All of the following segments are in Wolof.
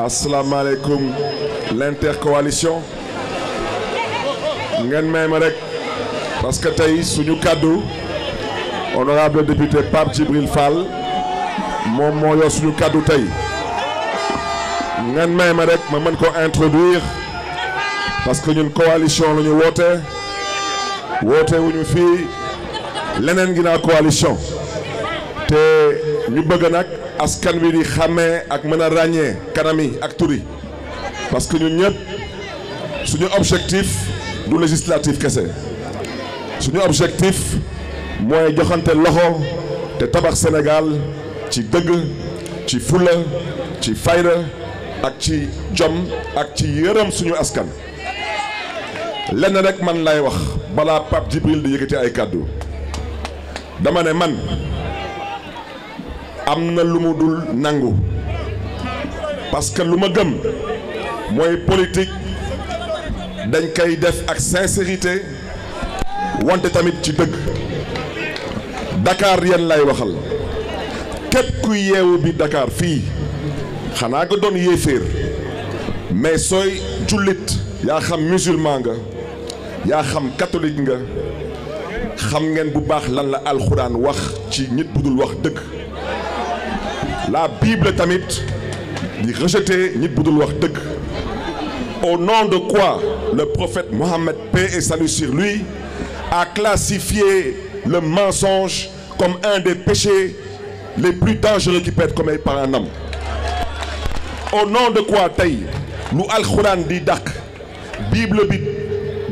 Assalamu alaikum. l'intercoalition parce que cadeau, honorable député Pape Djibril Fall mon cadeau. introduire parce que une coalition la water, nous nous nous coalition askan wi di xàmmee ak mën a ràññee kanami ak turi yi parce que ñun ñëpp suñu objectif du législatif kese suñu objectif mooy joxante loxo te tabax senegaal ci dëgg ci fulla ci fayda ak ci jom ak ci yërëm suñu askan lenn rek man lay wax balaa Pape Djibril di yëkkati ay kàddu dama ne man am na lu mu dul nangu parce que lu ma gëm mooy politique dañ koy def ak sincérité wante tamit ci dëgg dakaar yéen lay waxal képp ku yeewu bi dakaar fii xanaa nga doon yéeféer mais sooy jullit yaa xam musulman nga yaa xam catholique nga xam ngeen bu baax lan la alxuraan wax ci nit bu dul wax dëgg la Bible tamit ni rejeter ni budul au nom de quoi le prophète Mohammed paix et salut sur lui a classifié le mensonge comme un des péchés les plus dangereux qui peuvent être commis par un homme au nom de quoi Nous lu Quran di Dak bible bi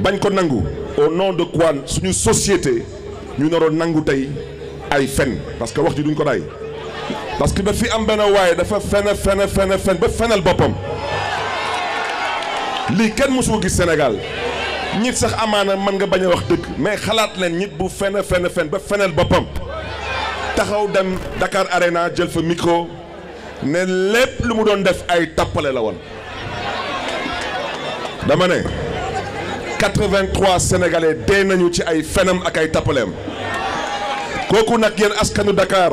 bagn ko nangu au nom de quoi suñu société ñu naroon nangu tay ay parce que wax ji duñ ko parce que ba fi am benn waaye dafa fen fen fen fen ba fenal boppam lii kenn mosu ko gis Sénégal nit sax amaana mën nga bañ a wax dëgg mais xalaat leen nit bu fen fen fen ba fenal boppam taxaw dem Dakar Arena jël fa micro ne lépp lu mu doon def ay tappale la woon dama ne 83 Sénégalais dee nañu ci ay fenam ak ay tappaleem kooku nag yéen askanu Dakar